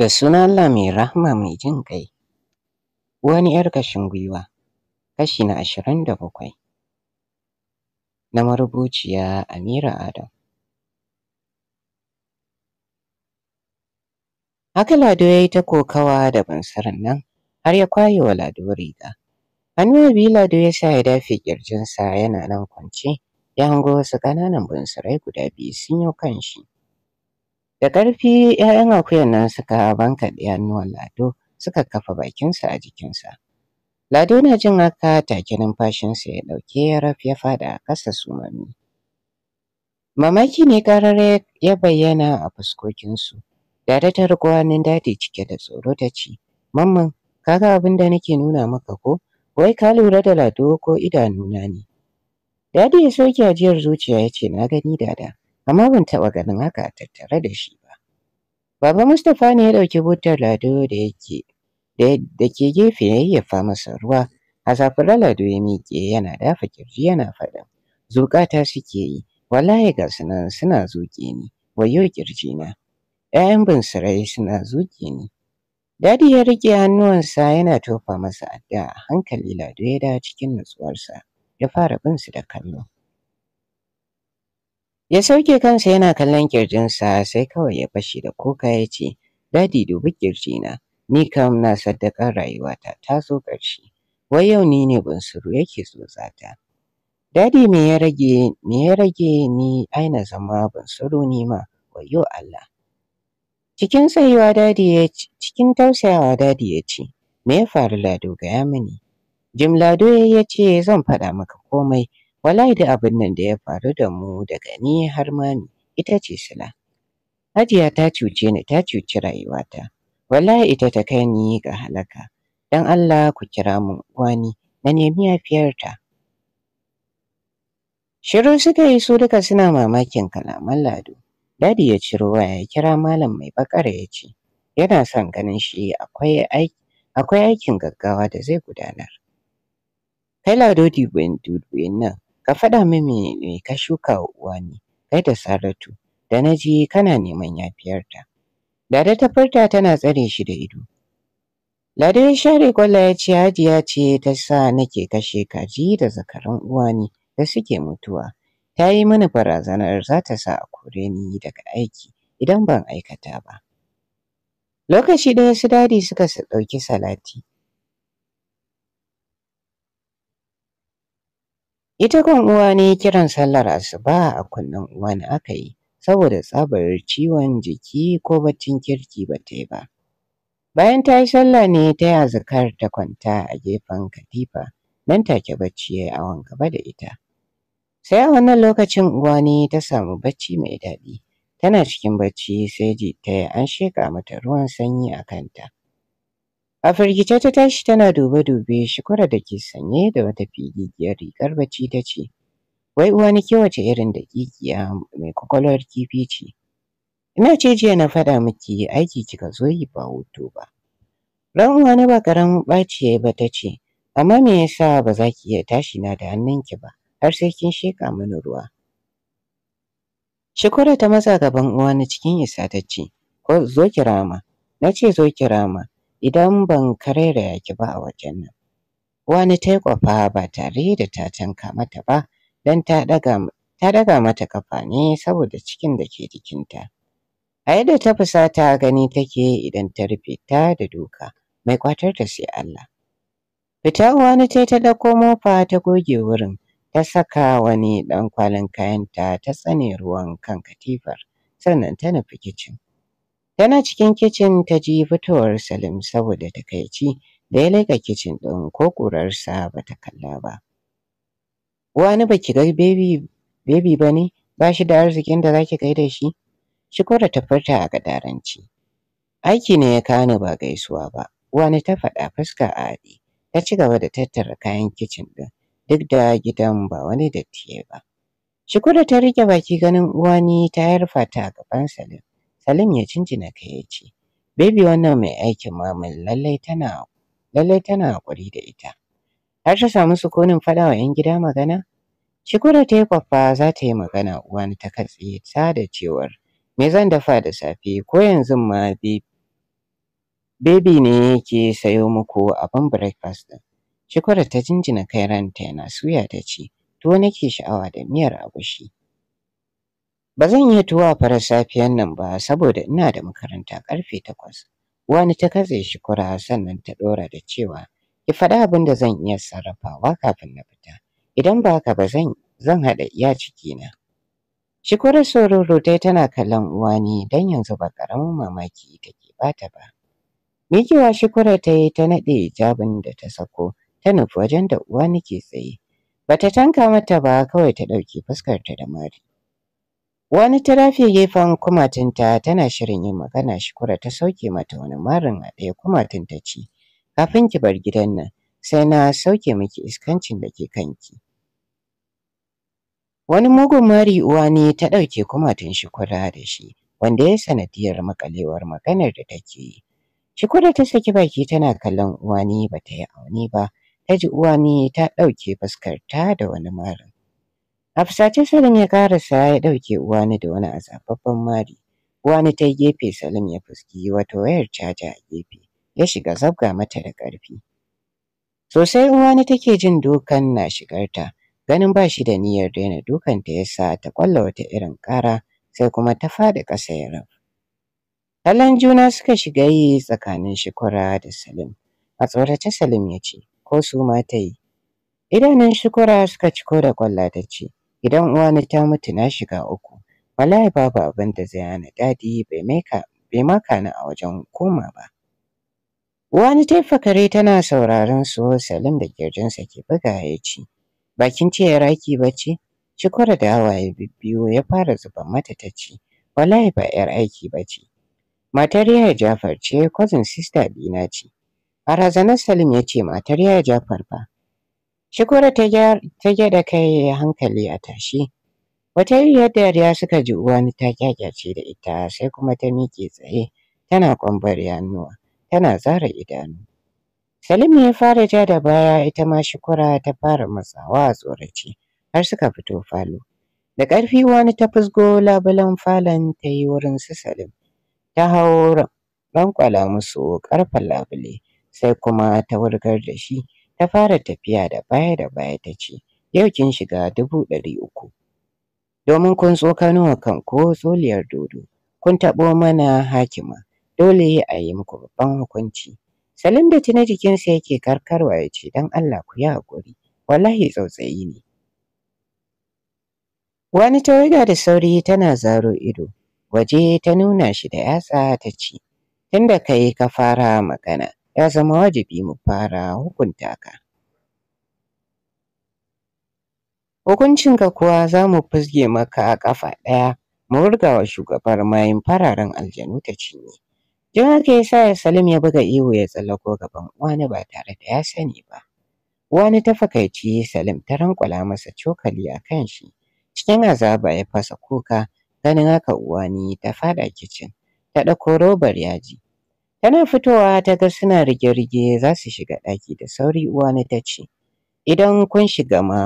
da suna Allah mai rahama mai jin ƙai. Wani ‘yar kashin gwiwa, kashi na ashirin da bakwai, na marubuciya Amira Adam. Haka Lado ya yi ta kokawa da bansarin nan har ya kwaye wa Lado riga. Hannu biyu Lado ya sa ya dafe ƙirjinsa yana nan kwance, ya hango wasu ƙananan bansarai guda biyu sun yi kan shi. Da ƙarfi ‘ya'yan akuyan nan suka banka bankaɗe hannuwan Lado suka kafa bakinsa a jikinsa. Lado na jin haka take numfashinsa ya ɗauke ya raf ya faɗa a ƙasa sumami. Mamaki ne ƙarar ya bayyana a fuskokinsu. Dada ta riƙo hannun dadi cike da tsoro ta ce, Mamman, ka ga abin da nake nuna maka ko? Wai ka lura da Lado ko idanuna ne? Dadi ya soke ajiyar zuciya ya ce, Na gani dada, amma ban taɓa ganin haka a tattare da shi. Baba Mustapha ne ya ɗauki butar lado da yake da ke gefe ya yayyafa masa ruwa. A da lado ya miƙe yana dafa kirji yana faɗin. Zuƙata suke yi, wallahi ga su nan suna zuƙe ni, wayo na. ‘Ya'yan bunsurai suna zuƙe ni. Dadi ya riƙe hannuwansa yana tofa masa adda a hankali lado ya dawo cikin nutsuwarsa ya fara bin su da kallo. Ya sauke kansa yana kallon kirjinsa sai kawai ya bashi da kuka ya ce, Dadi dubi kirjina, ni kam na saddaƙar rayuwata ta zo ƙarshe. Wai yau ni ne bunsuru yake tsotsata. Dadi me ya rage me ya rage ni aina zama bunsuru ni ma, wayo Allah. Cikin tsayuwa dadi ya ce, cikin tausayawa dadi ya ce, me ya faru Lado gaya mini? Jim Lado ya ce zan faɗa maka komai wallahi da abin nan da ya faru da mu daga ni har ma ni ita ce sula hajiya ta cuce ni ta cuci rayuwata wallahi ita ta kai ni ga halaka dan Allah ku kira mun wani na nemi yafiyarta shiru suka yi su duka suna mamakin kalaman lado dadi ya ciro waya ya kira malam mai bakara ya ce yana son ganin shi akwai aikin gaggawa da zai gudanar kai lado dubuyin nan Ka faɗa min me ka shuka wa uwani, kai da Saratu, da na ji kana neman yafiyarta. Lada ta furta tana tsare shi da ido. Lada ya share gwala ya ce Hajiya ce ta sa nake kashe kaji da zakaran uwani da suke mutuwa. Ta yi mini barazanar za ta sa a kore ni daga aiki idan ban aikata ba. Lokaci ɗaya su dadi suka ɗauki salati. Ita kan uwa ne kiran sallar asuba a kunnen uwan aka yi, saboda tsabar ciwon jiki ko baccin kirki ba ta yi ba. Bayan ta yi sallah ne ta yi azkar ta kwanta a gefen katifa, nan take bacci ya yi awon gaba da ita. Sai a wannan lokacin uwa ne ta samu bacci mai daɗi, tana cikin bacci sai ji ta yi an sheƙa mata ruwan sanyi a kanta. A firgice ta tashi tana dube-dube shukura da ke sanye da wata figigiyar rigar bacci ta ce, Wai uwa ni wace irin da kikiya mai kwakwalwar kifi ce. Ina ce jiya na faɗa miki aiki kika zo yi ba hutu ba. Ran uwa na ba karamin ɓaci ya ba ta ce, Amma me yasa ba za ki iya tashi na da hannunki ba har sai kin sheƙa mini ruwa. Shikura ta matsa gaban uwa na cikin isa ta ce, Zo ki rama, na ce zo ki rama, idan ban karaira yaki ba a wajen nan. Wani taikwafa ba tare da ta tanka mata ba don ta ɗaga mata ƙafa ne saboda cikin da ke jikinta. A yadda ta fusata gani take idan ta rufe ta da doka mai ƙwatar da sai Allah. Fita wani tai ta ɗauko mofa ta goge wurin ta saka wani ɗan kwalin kayanta ta tsane ruwan kan katifar sannan ta nufi kicin. Tana cikin kicin ta ji fitowar Salim saboda takaici da ya laika kicin ɗin ko ƙurarsa ba ta kalla ba. Wani ba ki ga bebi ba ne ba shi da arzikin da za ki da shi? Shiko da ta furta a gadaranci. Aiki ne ya kani ba gaisuwa ba, wani ta faɗa fuska a haɗe, ta ci gaba da tattara kayan kicin ɗin duk da gidan ba wani datti ba. Shiko ta riƙe baki ganin wani ta yarfa ta a gaban Salim. Salim ya jinjina kai ya ce, Baby wannan mai aikin mamin lallai tana lallai haƙuri da ita. Har ta samu sukunin fada wa 'yan gida magana? Shikura ta yi kwafa za ta yi magana uwani ta katse ta da cewar, Me zan dafa da safe ko yanzu ma Baby ne yake sayo muku abin breakfast ɗin. Shikura ta jinjina kai ranta yana suya ta ce, To nake sha'awa da miyar agushi. Ba zan iya tuwa fara safiyan nan ba saboda ina da makaranta karfe takwas. Wani ta katse shi kura sannan ta ɗora da cewa ki faɗa abin da zan iya sarrafawa kafin na fita. Idan ba haka ba zan zan haɗa iya cikina. Shi kurar sororo tai tana kallon uwa uwani don yanzu ba ƙaramin mamaki ta ke bata ba. Mikiwa shi ta yi ta naɗe jabin da ta sako ta nufi wajen da uwani ke tsaye. Bata tanka mata ba kawai ta ɗauki fuskarta da mari. Wani ta rafe gefen kumatinta tana shirin yin magana shukura ta sauke mata wani marin a ɗaya kumatinta ce, Kafin ki bar gidan nan, sai na sauke miki iskancin da ke kanki. Wani mugun mari uwa ne ta ɗauke kumatin shukura da shi, wanda ya sanadiyar makalewar maganar da take yi. Shukura ta saki baki tana kallon ne ba ta yi auni ba, ta ji uwa ne ta ɗauke fuskarta da wani marin. A fusace Salim ya sa ya ɗauke uwani da wani azababban mari. Uwani ta yi gefe Salim ya fuski wato wayar caja a gefe ya shiga zabga mata da ƙarfi. Sosai uwani take jin dukan na shigarta ganin ba shi da niyyar daina dukan ta ya sa ta ƙwalla wata irin ƙara sai kuma ta faɗi ƙasa ya rabu. Kallon juna suka shiga yi tsakanin shukura da Salim. A tsorace Salim ya ce, ko su ma ta yi. Idanun shukura suka ciko da kwalla ta ce, Idan uwani ta mutu na shiga uku. Wallahi babu abin da zai hana daɗi bai maka ni a wajen koma ba. Wani fakare tana sauraron su Salim da kirjinsa ke buga ya ce, Bakin ce ya raki bace? Shikwara da hawaye bibbiyo ya fara zuba mata ta ce, Wallahi ba ‘yar aiki ba bace. Matar yaya Jafar ce, cousin sister na ce. A razanar Salim ya ce matar yaya Jafar ba, Shukura ta gyara da kai hankali a tashi. Wata da dariya suka ji wani ta kyakyace da ita sai kuma ta miƙe tsaye tana kwambar hannuwa tana zara idanu. Salim ya fara ja da baya ita ma shukura ta fara matsawa a tsorace har suka fito falo. Da ƙarfi wani ta fusgo labulen falon ta yi wurin su Salim. Ta hau rankwala musu ƙarfen labule sai kuma ta wurgar da shi. Ta fara tafiya da baya da baya ta ce, Yau kin shiga dubu ɗari uku. Domin kun tso a kan ko tsoliyar dodo, kun taɓo mana hakima, dole a yi muku babban hukunci. Salim da tuna jikinsa yake karkarwa ya ce, Don Allah ku yi haƙuri, wallahi tsautsayi ne. Wani tawaga da sauri tana zaro ido, waje ta nuna shi da yatsa ta ce, Tunda yi ka fara magana, ya zama wajibi mu fara hukunta ka. Hukuncinka kuwa za mu fizge maka a ƙafa ɗaya mu wa shugabar mayin fararen aljanu ta cinye. Jin haka ya sa Salim ya buga ihu ya tsallako gaban uwani ba tare da ya sani ba. Wani fakaici Salim ta rankwala masa cokali a kan shi. Cikin azaba ya fasa kuka ganin haka uwani ta faɗa kicin ta ɗauko robar yaji Tana fitowa ta ga suna rige-rige za su shiga ɗaki da sauri uwani ta ce, Idan kun shiga ma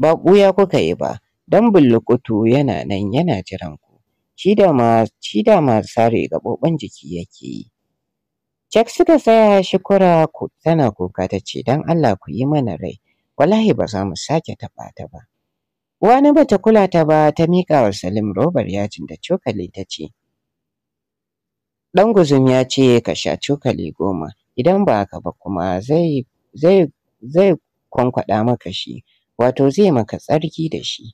ba ɓuya kuka yi ba, don bullukutu yana nan yana jiran ku, shi da ma sare gaɓoɓin jiki yake yi. Jack suka tsaya kura tana kuka ta ce, Don Allah ku yi mana rai, wallahi ba za mu sake taɓa ta ba. Uwani bata kula ta ba ta miƙa wa Salim robar yajin da cokali ta ce, Ɗan guzum ya ce ka sha cokali goma, idan ba haka ba kuma zai zai kwankwaɗa maka shi, wato zai maka tsarki da shi.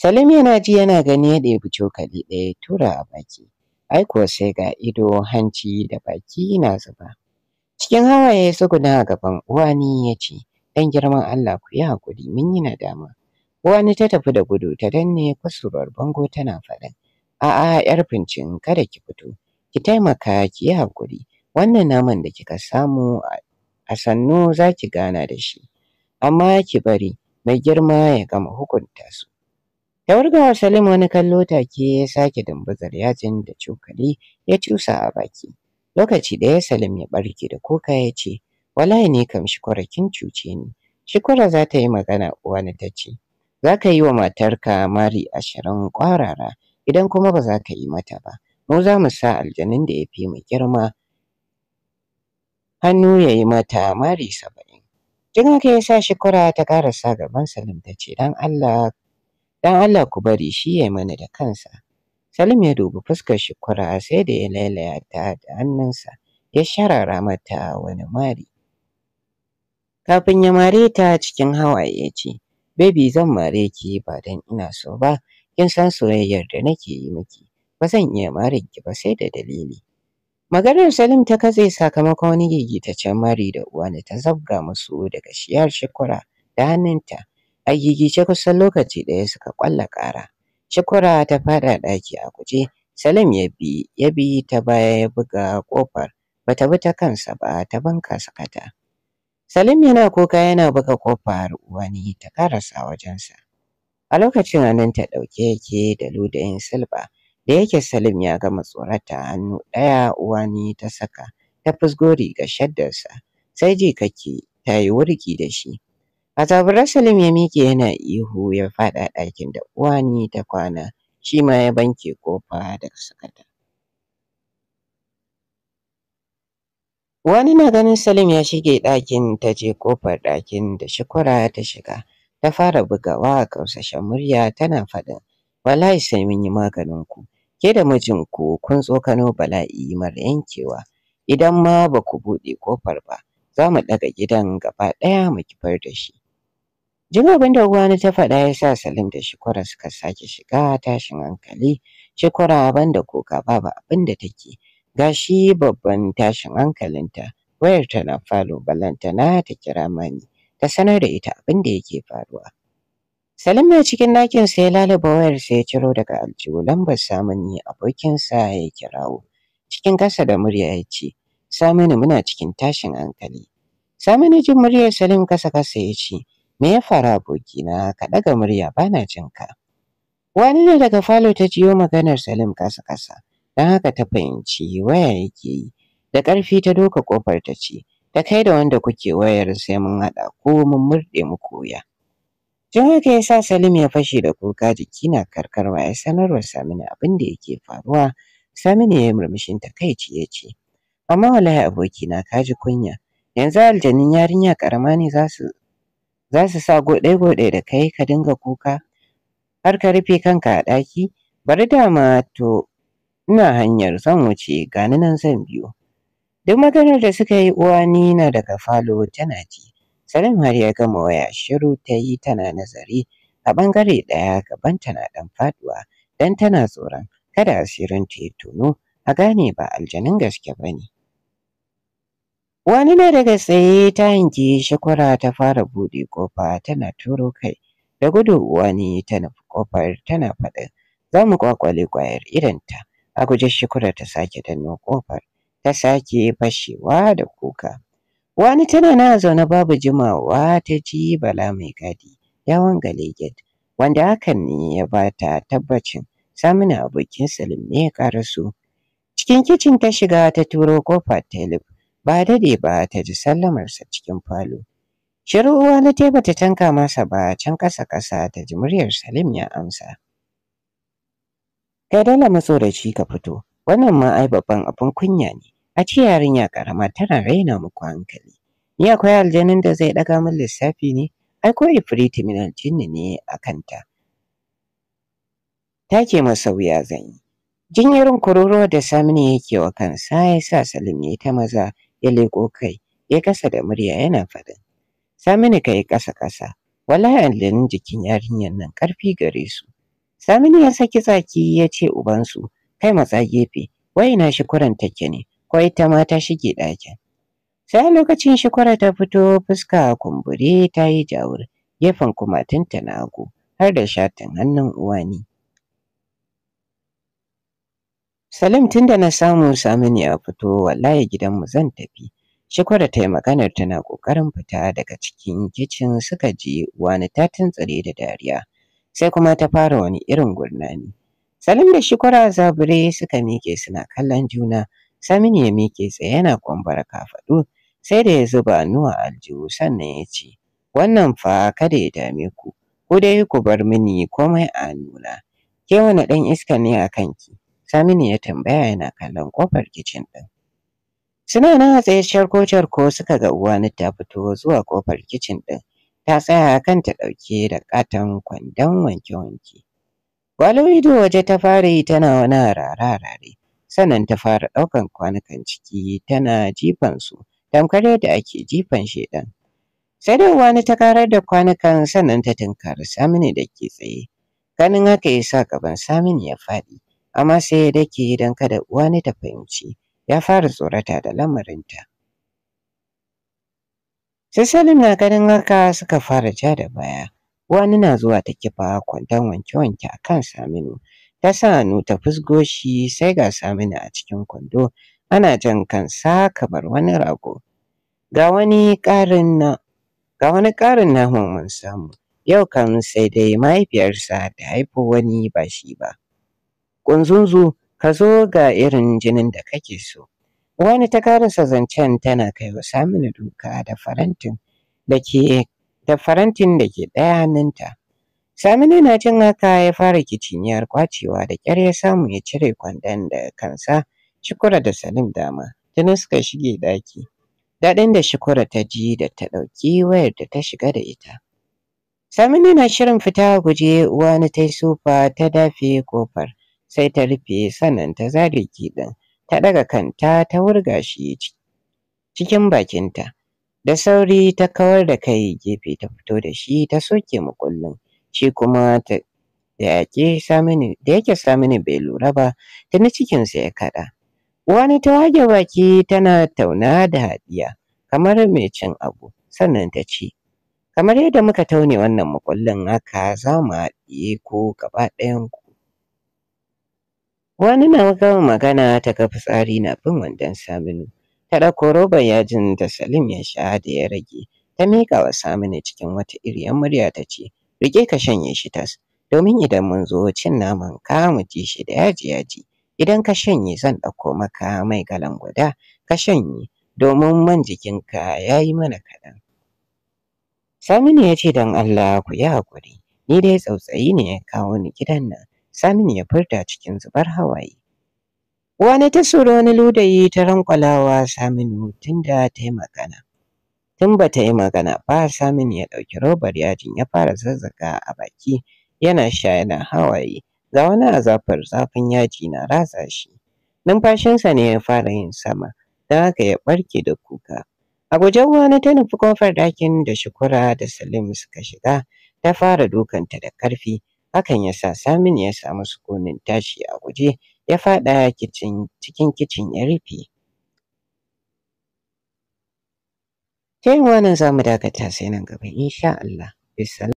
Salim yana ji yana gani ya ɗebi cokali ɗaya tura a baki, ai kuwa sai ga ido hanci da baki na zuba. Cikin hawaye ya tsuguna a gaban uwani ya ce, dan girman Allah ku yi haƙuri mun yi nadama. Uwani ta tafi da gudu ta danne kusurwar bango tana faɗin. a'a 'yar fincin kada ki fito ki taimaka ki yi haƙuri wannan naman da kika samu a sannu za ki gana da shi amma ki bari mai girma ya gama hukunta su ta wurgawa salim wani kallo take ya sake dumbuzar yajin da cokali ya cusa a baki lokaci ɗaya salim ya barke da kuka ya ce wallahi ne kam shikwara kin cuce ni shikwara za ta yi magana wani ta ce za ka yi wa matarka mari ashirin ƙwarara idan kuma ba za ka yi mata ba mu za mu sa aljanin da ya fi mu girma hannu ya yi mata mari saba'in tun haka ya sa shi kura ta sa gaban salim ta ce dan allah dan allah ku bari shi ya yi mana da kansa salim ya dubi fuskar shi kura sai da ya lailaya ta da hannunsa ya sharara mata wani mari kafin ya mare ta cikin hawaye ya ce Baby zan mare ki ba don ina so ba, kin san soyayyar da nake yi miki ba zan iya marin ki ba sai da dalili maganar salim ta katse sakamakon wani gigitaccen mari da uwani ta zabga musu daga shiyar shikura da hannunta a gigice kusan lokaci ɗaya suka ƙwalla ƙara shikura ta faɗa ɗaki a kuje, salim ya bi ya bi ta baya ya buga ƙofar bata bi ta kansa ba ta banka sakata salim yana kuka yana buga ƙofar uwani ta karasa wajensa A lokacin anan ta ɗauke yake da ludayin silba da yake Salim ya gama tsorata hannu ɗaya uwani ta saka ta fusgo riga shaddarsa sai jikake ta yi wurgi da shi. A Salim ya miƙe yana ihu ya faɗa ɗakin da uwani ta kwana shi ma ya banke kofa da sakata. Wani na ganin Salim ya shige ɗakin ta je ƙofar ɗakin da shikura ta shiga. ta fara bugawa a ƙauSashen murya tana faɗin wallahi sai mun yi maganin ku ke da mijin ku kun tsokano bala'i mara yankewa idan ma ba ku buɗe ƙofar ba za mu ɗaga gidan gaba ɗaya mu kifar da shi jin abin da uwani ta faɗa ya sa salim da shikwara suka sake shiga tashin hankali shikwara banda koka ba abin da take gashi babban tashin hankalinta wayar na falo balantana ta kira mani ta sanar da ita abin da yake faruwa. Salim na cikin ɗakin sai lalaba wayar sai ya ciro daga aljihu lambar Samuni abokinsa ya kirawo. Cikin kasa da murya ya ce, Saminu muna cikin tashin hankali. Saminu jin muryar Salim kasa kasa ya ce, Me ya faru abokina ka ɗaga murya bana jin ka. Wani ne daga falo ta jiyo maganar Salim ƙasa kasa, don haka ta fahimci waya yake yi. Da ƙarfi ta doka ƙofar ta ce, da kai da wanda kuke wayar sai mun haɗa ko mun murɗe muku wuya. Jin haka ya sa Salim ya fashe da kuka jiki na karkarwa ya sanarwa Saminu abin da yake faruwa. Saminu ya yi murmushin takaici ya ce, amma wallahi abokina na kaji kunya yanzu aljanin yarinya karama ne za su za su sa goɗe-goɗe da kai ka dinga kuka har ka rufe kanka a ɗaki bari dama to ina hanyar zan wuce gani nan zan biyo Duk maganar da suka yi uwa Nina daga falo tana ji. Salim har ya gama waya shiru ta yi tana nazari a bangare ɗaya gaban tana ɗan faduwa, dan tana tsoron kada asirin ta yi tono a gane ba aljanin gaske ba ne. Wani na daga tsaye ta yanki shakwara ta fara buɗe kofa tana turo kai da gudu uwa ne ta nufi ƙofar tana faɗin za mu ƙwaƙwale kwayar idanta a guje shakwara ta sake danno ƙofar ta sake fashewa da kuka. Wani tana na zaune babu jimawa ta ji bala mai gadi ya wangale wanda hakan ne ya ba ta tabbacin samun abokin salim ne ya karaso. Cikin kicin ta shiga ta turo kofar telif ba dade ba ta ji sallamarsa cikin falo. Shiruwa na teba ta tanka masa ba can ƙasa ƙasa ta ji muryar Salim ya amsa. Kai dala matsoraci ka fito, wannan ma ai babban abin kunya ne. A ce yarinya karama tana raina muku hankali. Ni akwai aljanin da zai ɗaga min lissafi ne, ai ko ifriti min aljinni ne a kanta. Ta ce masa wuya zan yi. Jinyarin kororo da Saminu yake wa kansa ya sa Salim ya ta maza ya leƙo kai ya kasa da murya yana faɗin. Saminu ka yi ƙasa-ƙasa, wallahi aljanin jikin yarinyar nan ƙarfi gare su. Saminu ya saki zaki ya ce ubansu, kai matsa gefe, wai na shi kuran take ne, ko ta ma ta shige ɗakin. Sai lokacin shikwara ta fito fuska a kumbure ta yi jawur gefen kumatinta na hagu har da shatin hannun uwani. Salim tun da na samu Saminu ya fito wallahi gidanmu zan tafi. Shikwara ta yi maganar tana ƙoƙarin fita daga cikin kicin suka je wani ta tuntsare da dariya. Sai kuma ta fara wani irin gurnani. Salim da Shikwara zabure suka miƙe suna kallon juna Saminu ya miƙe tsaye yana kwambar kafaɗu sai da ya zuba nuwa aljihu sannan ya ce wannan fa kada ya dame ku ku dai ku bar mini komai a nuna. Ke wani ɗan iska ne a kanki? Saminu ya tambaya yana kallon ƙofar kicin ɗin. Suna na a tsaye carko suka ga uwani ta fito zuwa ƙofar kicin ɗin ta tsaya kan ta ɗauke da ƙaton kwandon wanke-wanke. Walau ido waje ta fara yi tana wani harare-harare sannan ta fara ɗaukan kwanukan ciki tana jifan su tamkar yadda ake jifan shedan. Sai dai wani ta karar da kwanukan sannan ta tunkari Saminu da ke tsaye. Ganin haka ya sa gaban Saminu ya faɗi, amma sai ya dake don kada uwani ta fahimci ya fara tsorata da lamarinta. Sai Salim na ganin haka suka fara ja da baya. Wani na zuwa ta kifa kwandon wanke-wanke a kan Saminu ta sa hannu ta fusgo sai ga Saminu a cikin kwando ana jan kansa kamar wani rago. Ga wani ƙarin na ga wani ƙarin naman mun samu yau kam sai dai mahaifiyarsa da haifo wani ba shi ba. Ƙunzunzu ka zo ga irin jinin da kake so. Wani ta karasa zancen tana kai wa Saminu duka da farantin da ke da farantin da ke ɗaya hannunta. Saminu na jin haka ya fara kiciniyar kwacewa da ƙyar ya samu ya cire kwandon da kansa shukura da Salim dama tuni suka shige daki, Daɗin da shukura ta ji da ta ɗauki wayar da ta shiga da ita. Saminu na shirin fita guje wani ta sufa ta dafe kofar sai ta rufe sannan ta zare ɗin, ta ɗaga kanta ta wurga shi cikin bakinta. Da sauri ta kawar da kai gefe ta fito da shi ta soke mu kullum. shi kuma da yaƙi Saminu da yake Saminu bai lura ba cikin cikinsa ya kaɗa. Wani ta wage baki tana tauna da haɗiya kamar mai cin abu sannan ta ce kamar yadda muka taune wannan makullin haka za mu haɗiye ko gaba ɗayan ku. Wani na gama magana ta ga fitsari na bin wandon Saminu ta ɗauko roban yajin da Salim ya sha da ya rage ta miƙa wa Saminu cikin wata iriyar murya ta ce Rike ka shanye shi tas, domin idan mun zo cin naman ka mu ci shi da yaji yaji. Idan ka shanye zan ɗauko maka mai galan guda ka shanye domin man jikinka ya yi mana kaɗan. Saminu ya ce don Allah ku yi haƙuri, ni dai tsautsayi ne ya kawo ni gidan nan. Saminu ya furta cikin zubar hawaye. Wani ta wani ludayi ta rankwalawa Saminu tunda ta yi magana. in ba ta yi magana ba Saminu ya ɗauki robar yajin ya fara zazzaga a baki yana sha yana hawaye. Ga wani azafar zafin yaji na ratsa shi. Numfashinsa ne ya fara yin sama don haka ya ɓarke da kuka. A guje wani ta nufi kofar ɗakin da Shukura da Salim suka shiga ta fara dukanta da ƙarfi. Hakan ya sa Saminu ya samu sukunin tashi a guje ya faɗa cikin kicin ya rufe. Kai wannan za mu dakata sai nan gaba insha Allah. bisa